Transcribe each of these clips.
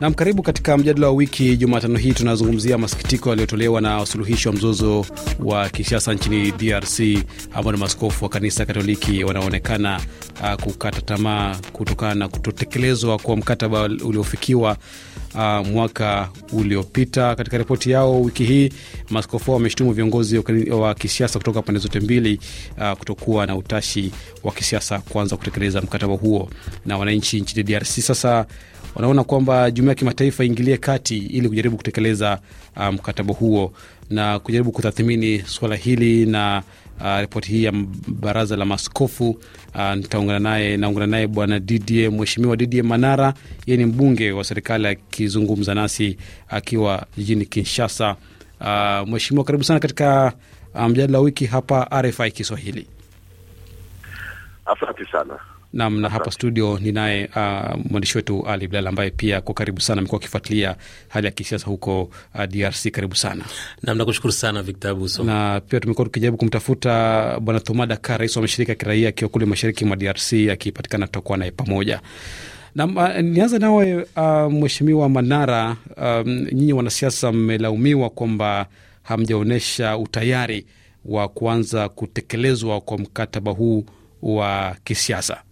Nam, karibu katika mjadala wa wiki. Jumatano hii tunazungumzia masikitiko yaliyotolewa na wasuluhishi wa mzozo wa kisiasa nchini DRC ambao ni maskofu wa kanisa Katoliki wanaoonekana uh, ah, kukata tamaa kutokana na kutotekelezwa kwa mkataba uliofikiwa uh, mwaka uliopita. Katika ripoti yao wiki hii, maskofu wameshtumu wameshutumu viongozi wa kisiasa kutoka pande zote mbili uh, kutokuwa na utashi wa kisiasa kuanza kutekeleza mkataba huo na wananchi nchini DRC sasa wanaona kwamba jumuiya ya kimataifa iingilie kati ili kujaribu kutekeleza uh, mkataba um, huo na kujaribu kutathmini suala hili na uh, ripoti hii ya baraza la maskofu uh, nitaungana naye naungana naye bwana Didie, mheshimiwa Didie Manara, yeye ni mbunge wa serikali akizungumza nasi akiwa jijini Kinshasa. Uh, mheshimiwa, karibu sana katika uh, mjadala um, wa wiki hapa RFI Kiswahili. Asante sana. Nam, na hapa studio ninaye uh, mwandishi wetu Ali Bilal ambaye pia kwa karibu sana amekuwa akifuatilia hali ya kisiasa huko uh, DRC. Karibu sana nam, nakushukuru sana Victor Abuso. Na pia tumekuwa tukijaribu kumtafuta Bwana Thoma Daka, rais wa mashirika ya kiraia akiwa kule mashariki mwa DRC. Akipatikana tutakuwa naye pamoja. Nam, uh, nianza nawe uh, Mheshimiwa Manara, um, nyinyi wanasiasa mmelaumiwa kwamba hamjaonyesha utayari wa kuanza kutekelezwa kwa mkataba huu wa kisiasa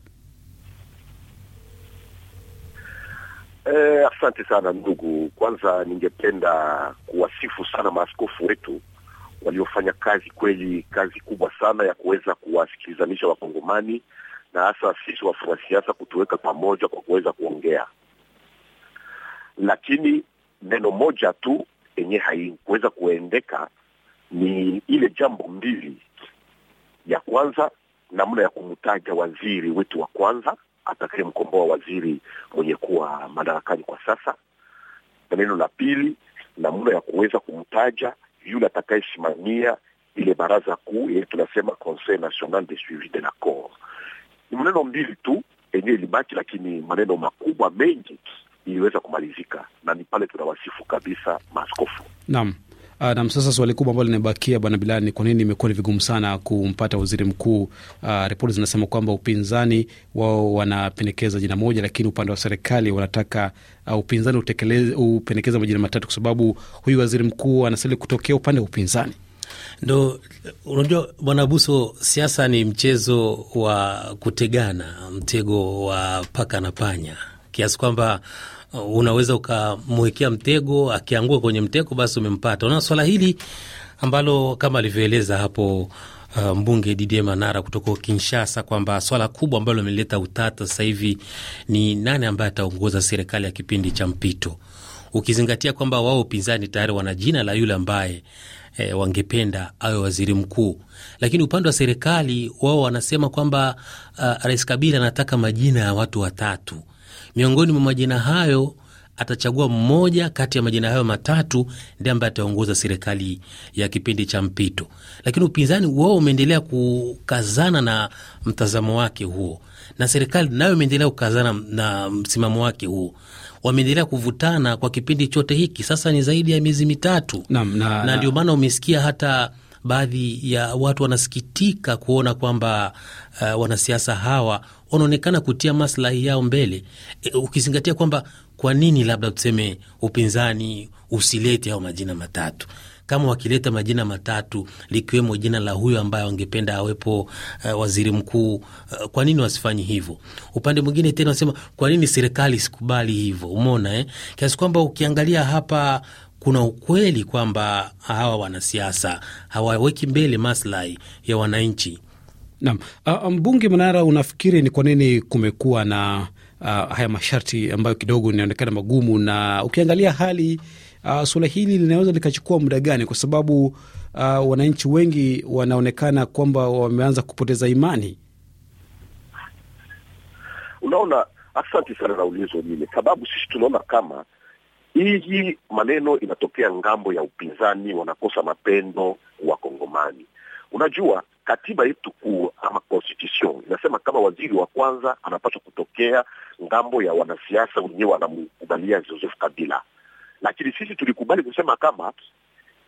Eh, asante sana ndugu. Kwanza ningependa kuwasifu sana maaskofu wetu waliofanya kazi kweli, kazi kubwa sana ya kuweza kuwasikilizanisha Wakongomani na hasa sisi wafuasi siasa kutuweka pamoja kwa kuweza kuongea, lakini neno moja tu yenye haikuweza kuendeka ni ile jambo mbili. Ya kwanza namna ya kumtaja waziri wetu wa kwanza atakayemkomboa waziri mwenye kuwa madarakani kwa sasa, na neno la pili, namna ya kuweza kumtaja yule atakayesimamia ile baraza kuu yenye tunasema Conseil National de Suivi de l'Accord. Ni maneno mbili tu enyewe ilibaki, lakini maneno makubwa mengi iliweza kumalizika, na ni pale tunawasifu kabisa maskofu Naam. Uh, nam sasa swali kubwa ambalo linabakia bwana bilani ni kwa nini imekuwa ni vigumu sana kumpata waziri mkuu? Uh, ripoti zinasema kwamba upinzani wao wanapendekeza jina moja, lakini upande wa serikali wanataka uh, upinzani upendekeza majina matatu, kwa sababu huyu waziri mkuu anasali kutokea upande wa upinzani. Ndo unajua bwana Buso, siasa ni mchezo wa kutegana, mtego wa paka na panya kiasi kwamba uh, unaweza ukamwekea mtego, akianguka kwenye mtego basi umempata. Unaona swala hili ambalo kama alivyoeleza hapo Uh, mbunge Didier Manara kutoka Kinshasa kwamba swala kubwa ambalo limeleta utata sasa hivi ni nani ambaye ataongoza serikali ya kipindi cha mpito, ukizingatia kwamba wao upinzani tayari wana jina la yule ambaye eh, wangependa awe waziri mkuu, lakini upande wa serikali wao wanasema kwamba uh, Rais Kabila anataka majina ya watu watatu Miongoni mwa majina hayo atachagua mmoja kati ya majina hayo matatu ndiye ambaye ataongoza serikali ya kipindi cha mpito. Lakini upinzani wao umeendelea kukazana na mtazamo wake huo, na serikali nayo imeendelea kukazana na msimamo wake huo. Wameendelea kuvutana kwa kipindi chote hiki, sasa ni zaidi ya miezi mitatu, na, na, na ndio maana umesikia hata baadhi ya watu wanasikitika kuona kwamba uh, wanasiasa hawa wanaonekana kutia maslahi yao mbele e, ukizingatia kwamba kwa nini labda tuseme upinzani usilete hao majina matatu kama wakileta majina matatu likiwemo jina la huyo ambaye wangependa awepo uh, waziri mkuu uh, kwa nini wasifanyi hivyo? Upande mwingine tena wasema kwa nini serikali sikubali hivyo? Umeona eh? Kiasi kwamba ukiangalia hapa kuna ukweli kwamba hawa wanasiasa hawaweki mbele maslahi ya wananchi. Naam, ah, ah, mbunge Manara, unafikiri ni kwa nini kumekuwa na uh, haya masharti ambayo kidogo inaonekana magumu, na ukiangalia hali uh, suala hili linaweza likachukua muda gani? Kwa sababu uh, wananchi wengi wanaonekana kwamba wameanza kupoteza imani. Unaona, asante sana na ulizo sababu sisi tunaona kama hii maneno inatokea ngambo ya upinzani, wanakosa mapendo wa Kongomani. Unajua katiba yetu kuu ama constitution inasema kama waziri wa kwanza anapaswa kutokea ngambo ya wanasiasa wenyewe wanamkubalia Joseph Kabila, lakini sisi tulikubali kusema kama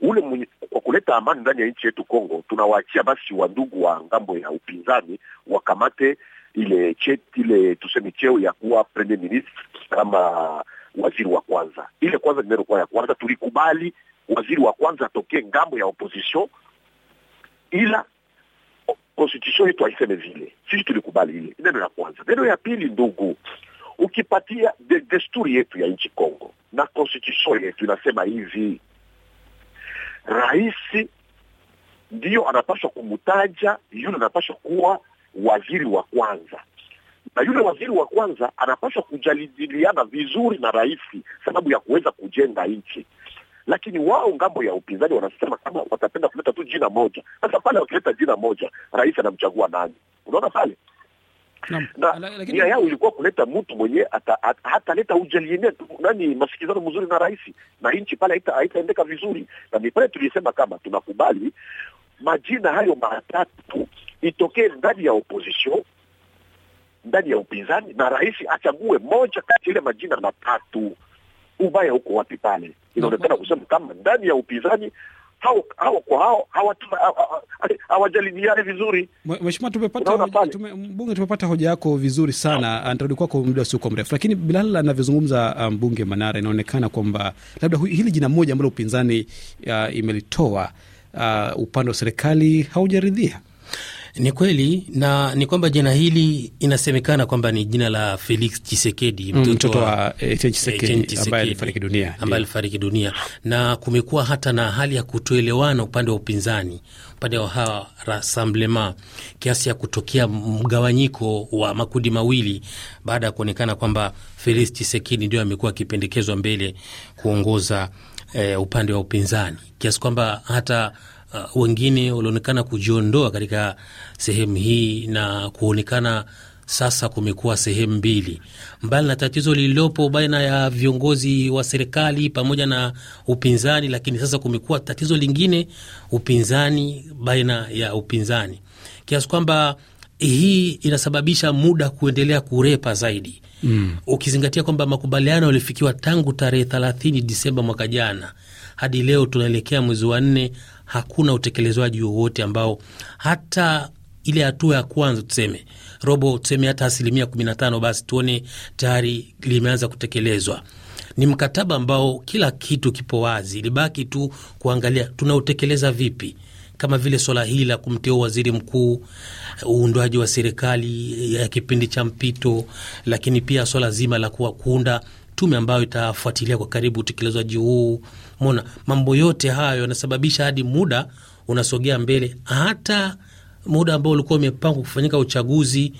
ule mwenye, kwa kuleta amani ndani ya nchi yetu Kongo, tunawaachia basi wandugu wa ngambo ya upinzani wakamate ile cheti ile tuseme cheo ya kuwa premier ministre kama waziri wa kwanza. Ile kwanza nimerokuwa ya kwanza, tulikubali waziri wa kwanza atokee ngambo ya opposition, ila constitution yetu haiseme vile. Sisi tulikubali ile neno ya kwanza. Neno ya pili, ndugu, ukipatia de desturi yetu ya nchi Kongo na constitution yetu inasema hivi, rais ndiyo anapaswa kumutaja yule anapaswa kuwa waziri wa kwanza na yule waziri wa kwanza anapaswa kujadiliana vizuri na rais, sababu ya kuweza kujenga nchi. Lakini wao ngambo ya upinzani wanasema kama watapenda kuleta tu jina moja. Sasa pale wakileta jina moja, rais anamchagua nani? Unaona pale na nia yao ilikuwa kuleta mtu mwenyee hataleta ujaliene nani masikizano mzuri na rais na nchi pale haitaendeka vizuri, na ni pale tulisema kama tunakubali majina hayo matatu itokee ndani ya opposition ndani ya upinzani na rais achague moja kati ile majina matatu. Ubaya huko wapi pale? Inaonekana kusema kama ndani ya upinzani hao hao kwa hao hawajaliliane vizuri. Mheshimiwa, tumepata mbunge, tumepata hoja yako vizuri sana, nitarudi kwako muda usiokuwa mrefu, lakini Bilal anavyozungumza uh, mbunge Manara, inaonekana kwamba labda hili jina moja ambalo upinzani uh, imelitoa uh, upande wa serikali haujaridhia ni kweli na ni kwamba jina hili inasemekana kwamba ni jina la Felix Chisekedi, mm, mtoto wa Chisekedi eh, ambaye alifariki dunia, alifariki dunia, na kumekuwa hata na hali ya kutoelewana upande wa upinzani, upande wa hawa Rassemblement, kiasi ya kutokea mgawanyiko wa makundi mawili baada ya kuonekana kwamba Felix Chisekedi ndio amekuwa akipendekezwa mbele kuongoza eh, upande wa upinzani kiasi kwamba hata uh, wengine walionekana kujiondoa katika sehemu hii na kuonekana sasa kumekuwa sehemu mbili, mbali na tatizo lililopo baina ya viongozi wa serikali pamoja na upinzani, lakini sasa kumekuwa tatizo lingine, upinzani baina ya upinzani, kiasi kwamba hii inasababisha muda kuendelea kurepa zaidi mm. Ukizingatia kwamba makubaliano yalifikiwa tangu tarehe thelathini Disemba mwaka jana hadi leo tunaelekea mwezi wa nne hakuna utekelezwaji wowote ambao hata ile hatua ya kwanza tuseme robo tuseme hata asilimia 15 basi tuone tayari limeanza kutekelezwa. Ni mkataba ambao kila kitu kipo wazi, ilibaki tu kuangalia tunautekeleza vipi, kama vile swala hili la kumteua waziri mkuu, uundwaji wa serikali eh, ya kipindi cha mpito, lakini pia swala zima la kuunda tume ambayo itafuatilia kwa karibu utekelezaji huu. Mona mambo yote hayo yanasababisha hadi muda unasogea mbele, hata muda ambao ulikuwa umepangwa kufanyika uchaguzi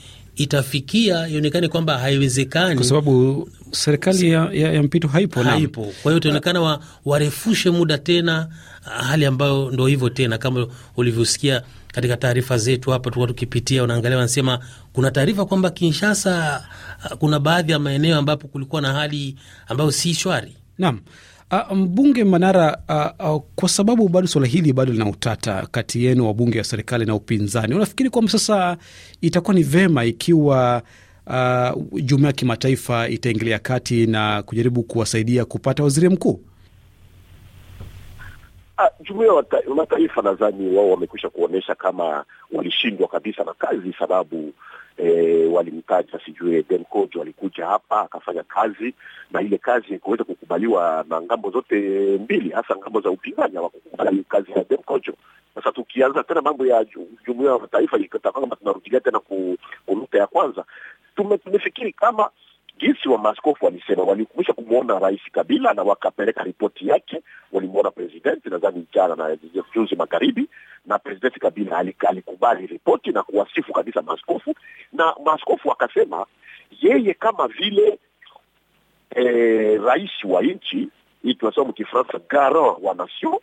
itafikia ionekane kwamba haiwezekani, kwa sababu serikali ya, ya, ya mpito haipo, haipo. Kwa hiyo itaonekana wa, warefushe muda tena, hali ambayo ndo hivyo tena, kama ulivyosikia katika taarifa zetu hapa tulikuwa tukipitia, unaangalia wanasema kuna taarifa kwamba Kinshasa kuna baadhi ya maeneo ambapo kulikuwa na hali ambayo si shwari. Naam. Uh, mbunge Manara, uh, uh, kwa sababu bado suala hili bado lina utata kati yenu wabunge wa serikali na upinzani, unafikiri kwamba sasa itakuwa ni vema ikiwa uh, jumuiya ya kimataifa itaingilia kati na kujaribu kuwasaidia kupata waziri mkuu? Jumuiya ya Mataifa nadhani wao wamekwisha kuonyesha kama walishindwa kabisa na kazi, sababu e, walimtaja sijui Denkojo walikuja hapa akafanya kazi, na ile kazi ikuweza kukubaliwa na ngambo zote mbili, hasa ngambo za upinzani hawakukubali kazi ya Denkojo. Sasa tukianza tena mambo ya jumuia ya mataifa ikitaka kama tunarudilia tena ku, kunuta ya kwanza, tume tumefikiri kama jinsi wa maskofu walisema, walikwisha kumwona Rais Kabila na wakapeleka ripoti yake. Walimwona presidenti nadhani jana na juzi magharibi, na presidenti Kabila alikubali ripoti na kuwasifu kabisa maskofu na maaskofu wakasema yeye kama vile e, rais wa nchi hii tunasema Kifransa garant wa nation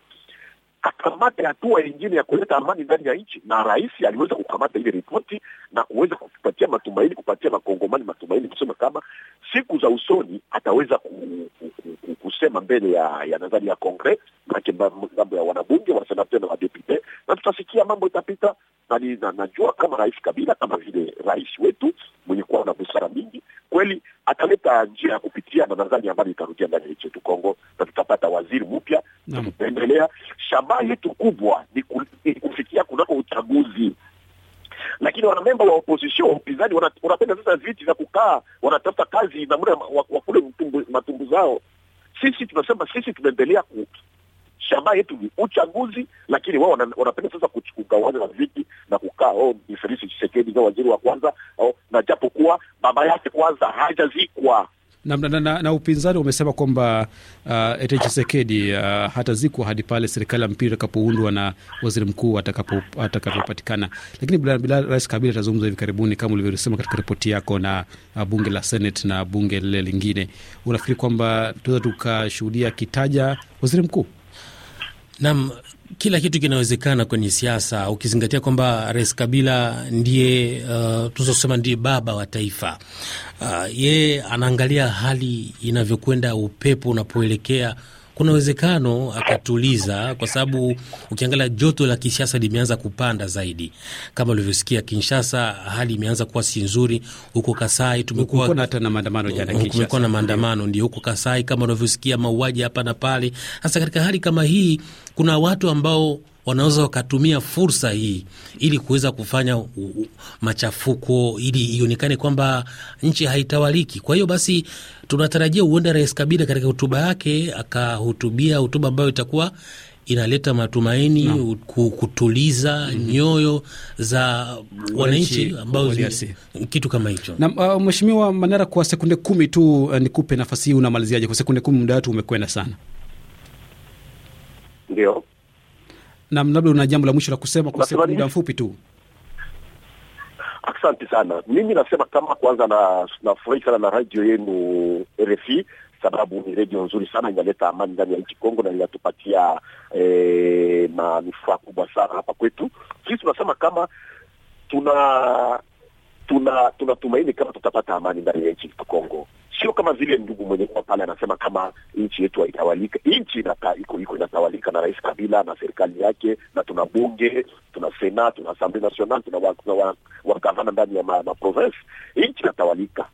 akamate hatua yingine ya kuleta amani ndani ya nchi, na rais aliweza kukamata ile ripoti na kuweza kupatia matumaini, kupatia makongomani matumaini, kusema kama siku za usoni ataweza ku, ku, ku, kusema mbele ya ya nadhani ya Kongre, manake mambo ya wanabunge, wasenate na wadepute, na tutasikia mambo itapita. Na najua wanamemba wa opposition wapinzani wanapenda sasa viti za kukaa, wanatafuta kazi na muda wakule matumbu zao. Sisi tunasema sisi tunaendelea ku shabaha yetu ni uchaguzi, lakini wao wanapenda sasa kugawana na viti na kukaa. Oh, ni Felix chisekedi za waziri wa kwanza oh, na japokuwa baba yake kwanza hajazikwa na, na, na, na upinzani wamesema kwamba uh, Etienne Tshisekedi uh, hatazikwa hadi pale serikali ya mpira itakapoundwa na waziri mkuu atakapopatikana. Lakini bila, bila Rais Kabila atazungumza hivi karibuni kama ulivyosema katika ripoti yako, na uh, bunge la Senate na bunge lile lingine. Unafikiri kwamba tunaweza tukashuhudia kitaja waziri mkuu? Naam, kila kitu kinawezekana kwenye siasa, ukizingatia kwamba Rais Kabila ndiye uh, tuzosema ndiye baba wa taifa uh, yeye anaangalia hali inavyokwenda, upepo unapoelekea kuna uwezekano akatuliza, kwa sababu ukiangalia joto la kisiasa limeanza kupanda zaidi. Kama ulivyosikia, Kinshasa hali imeanza kuwa si nzuri, huko Kasai tumekuwa na maandamano jana, kumekuwa na maandamano ndio huko Kasai, kama unavyosikia mauaji hapa na pale. Hasa katika hali kama hii, kuna watu ambao wanaweza wakatumia fursa hii ili kuweza kufanya machafuko ili ionekane kwamba nchi haitawaliki. Kwa hiyo basi tunatarajia huenda Rais Kabila katika hotuba yake akahutubia hotuba ambayo itakuwa inaleta matumaini no. kutuliza mm -hmm. nyoyo za wananchi ambao kitu kama hicho. Na uh, Mheshimiwa Manara, kwa sekunde kumi tu uh, nikupe nafasi hii, unamaliziaje? Kwa sekunde kumi, muda wetu umekwenda sana. Ndio Nam, labda una jambo la mwisho la kusema kwa sababu muda mfupi tu. Asante sana. Mimi nasema kama kwanza, na sana na radio yenu RFI sababu ni redio nzuri sana, inaleta amani ndani ya nchi Kongo na inatupatia eh, manufaa kubwa sana hapa kwetu. Sisi tunasema kama tuna tunatumaini tuna kama tutapata amani ndani ya nchi Kongo sio kama zile ndugu mwenye kwa pale anasema kama nchi yetu haitawalika. Nchi iko iko inatawalika na Rais Kabila na serikali yake, na tuna bunge, tuna sena, tuna asamblee national, tuna wagavana ndani ya maprovensi. Nchi inatawalika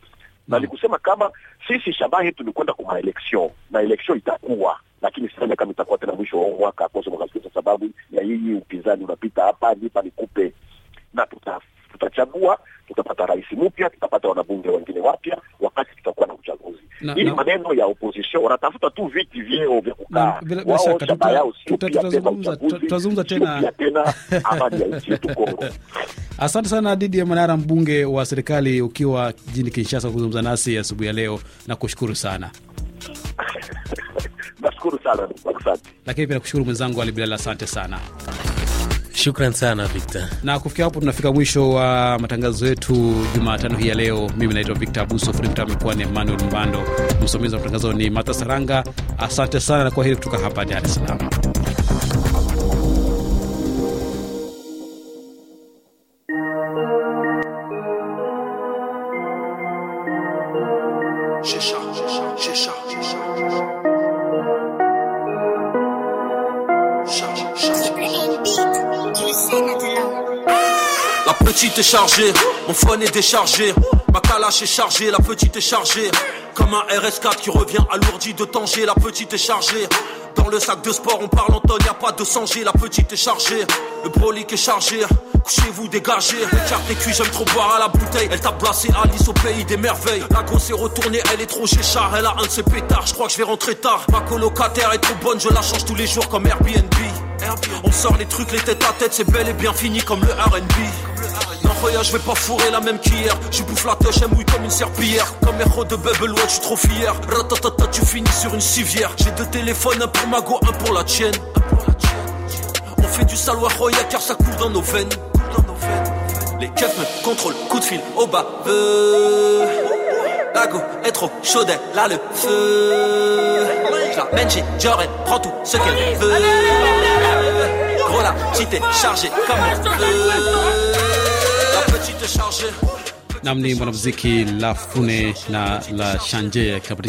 na nikusema mm. kama sisi shabaha yetu ni kwenda kwa maeleksion na election itakuwa, lakini sidhani kama itakuwa tena mwisho wa mwaka kwa sababu ya hii upinzani unapita hapa nipa nikupe na tuta tutachagua, tutapata rais mpya, tutapata wanabunge wengine wapya, wakati tutakuwa na uchaguzi. Hili maneno ya opposition wanatafuta tu viti vyeo vya kukaa tena amani ya nchi yetu Kongo. Asante sana didi ya Manara, mbunge wa serikali, ukiwa jijini Kinshasa kuzungumza nasi asubuhi ya leo, na kushukuru sana nashukuru sana asante. Lakini pia nakushukuru mwenzangu alibilala Bilal, asante sana. Shukran sana Victor. Na kufikia hapo tunafika mwisho wa matangazo yetu Jumatano hii ya leo. Mimi naitwa Victor Abuso, fundi amekuwa ni Emmanuel Mbando, msimamizi wa matangazo ni Martha Saranga. Asante sana na kwaheri kutoka hapa Dar es Salaam. La petite est chargée, mon phone est déchargé. Ma calache est chargée, la petite est chargée. Comme un RS4 qui revient alourdi de Tanger, la petite est chargée. Dans le sac de sport, on parle en tonne, y a pas de sanger, la petite est chargée. Le brolic est chargé, couchez-vous dégagez. Le quart des cuits, j'aime trop boire à la bouteille. Elle t'a placé Alice au pays des merveilles. La grosse est retournée, elle est trop chéchard, elle a un de ses pétards. Je crois que je vais rentrer tard. Ma colocataire est trop bonne, je la change tous les jours comme Airbnb. On sort les trucs les têtes à tête, c'est bel et bien fini comme le RB. Non, je vais pas fourrer la même qu'hier. Je bouffe la tâche, elle mouille comme une serpillière. Comme héros de Bubble je trop fier. Ratatata, tu finis sur une civière. J'ai deux téléphones, un pour Mago, un pour la tienne. On fait du saloir royal car ça coule dans nos veines. Les keufs me contrôlent, coup de fil au bas. La go est trop chaude, là le feu. Je la chez prends tout ce qu'elle veut. la cité chargée kama la petite chargée nam ni mwanamuziki la fune na la shanje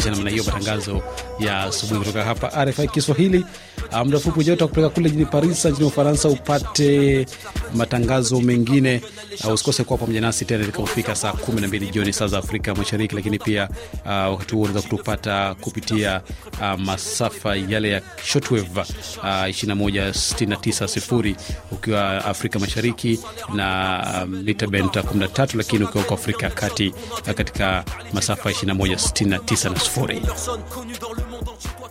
na namna hiyo matangazo ya asubuhi kutoka hapa RFI Kiswahili. Ah, muda mfupi ujao utakupeleka kule jijini Paris nchini Ufaransa upate matangazo mengine. Uh, usikose kuwa pamoja nasi tena itakapofika saa kumi na mbili jioni saa za Afrika Mashariki, lakini pia uh, wakati huo unaweza kutupata kupitia uh, masafa yale ya shortwave uh, 21690 ukiwa Afrika Mashariki na mita benta 13, lakini ukiwa uko Afrika ya Kati katika masafa 21690.